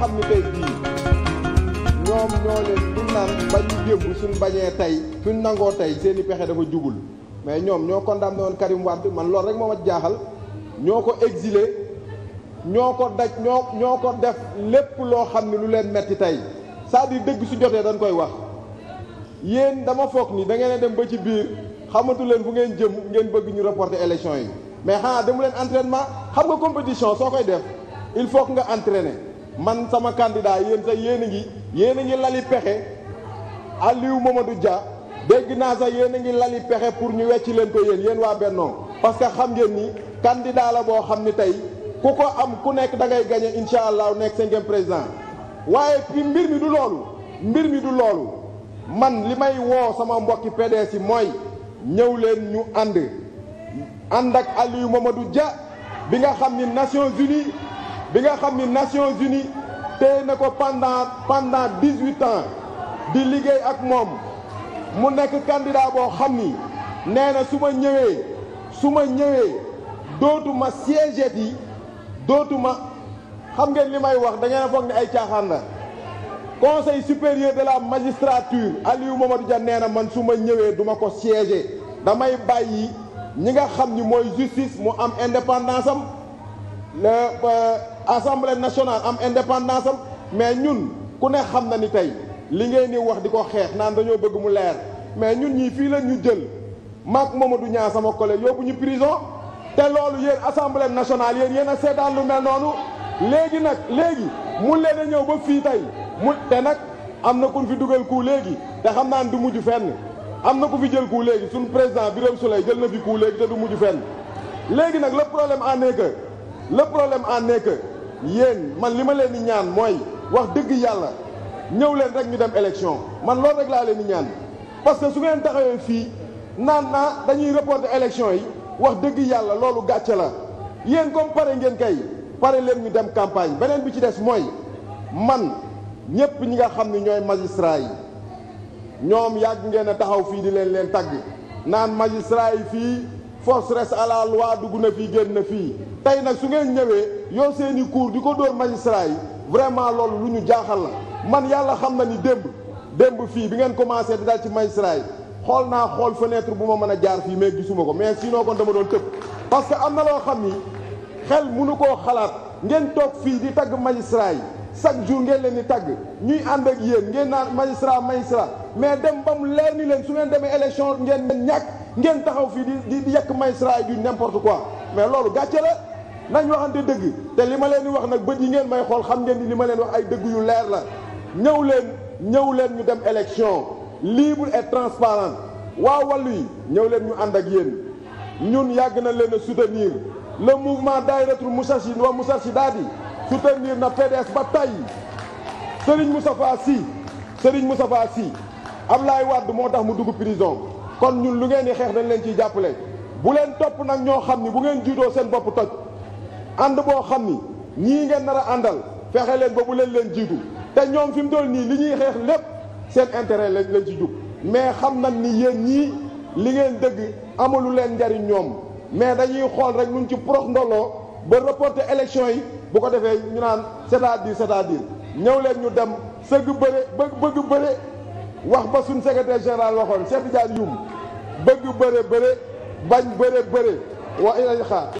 xam ne tey jii ñoom ñoo leen bu naan bañ démb suñ bañee tey suñ nangoo tey seeni i pexe dafa jubul mais ñoom ñoo condamné woon Karim Wade man lool rek moo ma jaaxal ñoo ko exile ñoo ko daj ñoo ñoo ko def lépp loo xam ne lu leen metti tey c'est-à-dire dëgg su jotee dañ koy wax yéen dama foog nii da ngeen a dem ba ci biir xamatu leen fu ngeen jëm ngeen bëgg ñu reporter élection yi mais xanaa demu leen entraînement xam nga compétition soo koy def il faut que nga entraîner man sama candidat yéen sa yéen a ngi yéen a ngi lali pexe Aliou Mamadou Dia dégg naa sax yéen a ngi lali pexe pour ñu wecc leen ko yéen yéen waa Bennoo parce que xam ngeen ni candidat la boo xam ni tey ku ko am ku nekk da ngay gagné incha allah nekk cinquième président waaye fi mbir mi du loolu mbir mi du loolu man li may woo sama mbokki PDS yi mooy ñëw leen ñu ànd ànd ak Aliou Mamadou Dia bi nga xam ni Nations Unies bi nga xam ni Nations Unies te ne ko pendant pendant dix-huit ans di liggéey ak moom mu nekk candidat boo xam ni nee na su ma ñëwee su ma ñëwee dootuma siéger yi dootuma xam ngeen li may wax da ngeen foog ne ay caaxaan la conseil supérieur de la magistrature Aliou Mamadou Dia nee na man su ma ñëwee duma ko siéger damay bàyyi ñi nga xam ni mooy justice mu am indépendance am euh, assemblée nationale am indépendance am mais ñun ku ne xam na ni tey li ngeen di wax di ko xeex naan dañoo bëgg mu leer mais ñun ñii fii la ñu jël maak Mamadou Niang sama collègue yóbbu ñu prison te loolu yéen assemblée nationale yéen yéen a seetaan lu mel noonu léegi nag léegi mu leen a ñëw ba fii tey mu te nag am na ku fi dugal ku léegi te xam naa ne du mujj fenn am na ku fi jël ku léegi suñu président Birame Souleye jël na fi ku léegi te du mujj fenn léegi nag le problème en est que problème en est yéen man li ma leen di ñaan mooy wax dëgg yàlla ñëw leen rek ñu dem élection man loolu rek laa leen di ñaan parce que su ngeen taxawee fii naan naa dañuy reporter élection yi wax dëgg yàlla loolu gàcce la yéen comme pare ngeen kay pare leen ñu dem campagne beneen bi ci des mooy man ñépp ñi nga xam ne ñooy magistrat yi ñoom yàgg ngeen taxaw fii di leen leen tàgg naan magistrat yi fii force reste à la dugg na fii génn na fii tey nag su ngeen ñëwee yow seeni i cours di ko dóor magistrat yi vraiment loolu lu ñu jaaxal la man yàlla xam na ni démb démb fii bi ngeen commencé di dal ci magistrat yi xool naa xool fenêtre bu ma mën a jaar fii mais gisuma ko mais sinon kon dama doon tëb parce que am na loo xam ni xel mënu koo xalaat ngeen toog fii di tagg magistrat yi chaque jour ngeen leen di tagg ñuy ànd ak yéen ngeen naan magistrat magistrat mais dem ba mu leer ni leen su ngeen demee élection ngeen ñàkk ngeen taxaw fii di yekk magistrat yi du n'importe quoi nañ waxante dëgg te li ma leen di wax nag bët yi ngeen may xool xam ngeen ni li ma leen wax ay dëgg yu leer la ñëw leen ñëw leen ñu dem élection libre et transparente waa wàllu yi ñëw leen ñu ànd ak yéen ñun yàgg na leen a soutenir le mouvement Dahiratoul Moustarchidine wa Moustarchidaty soutenir na PDS ba tey sëriñ Moustapha Sy Serigne Moustapha Sy Ablaye Wade moo tax mu dugg prison kon ñun lu ngeen di xeex dañ leen ciy jàppale bu leen topp nag ñoo xam ni bu ngeen juutoo seen bopp toj ànd boo xam ni ñii ngeen nar a àndal fexe leen ba leen leen jiitu te ñoom fi mu dool nii li ñuy xeex lépp seen intérêt lañ lañ ci jug mais xam nañ ni yéen ñii li ngeen dëgg amalu leen njariñ ñoom mais dañuy xool rek nun ci prox ndoloo ba reporter élection yi bu ko defee ñu naan c'est-à-dire c'est-à-dire ñëw leen ñu dem sëgg bëre bëgg bëgg bëre wax ba suñ secrétaire général waxoon Cheikh Tidiane Youm bëgg bëre bëre bañ bëre bëre wa ilañ xaar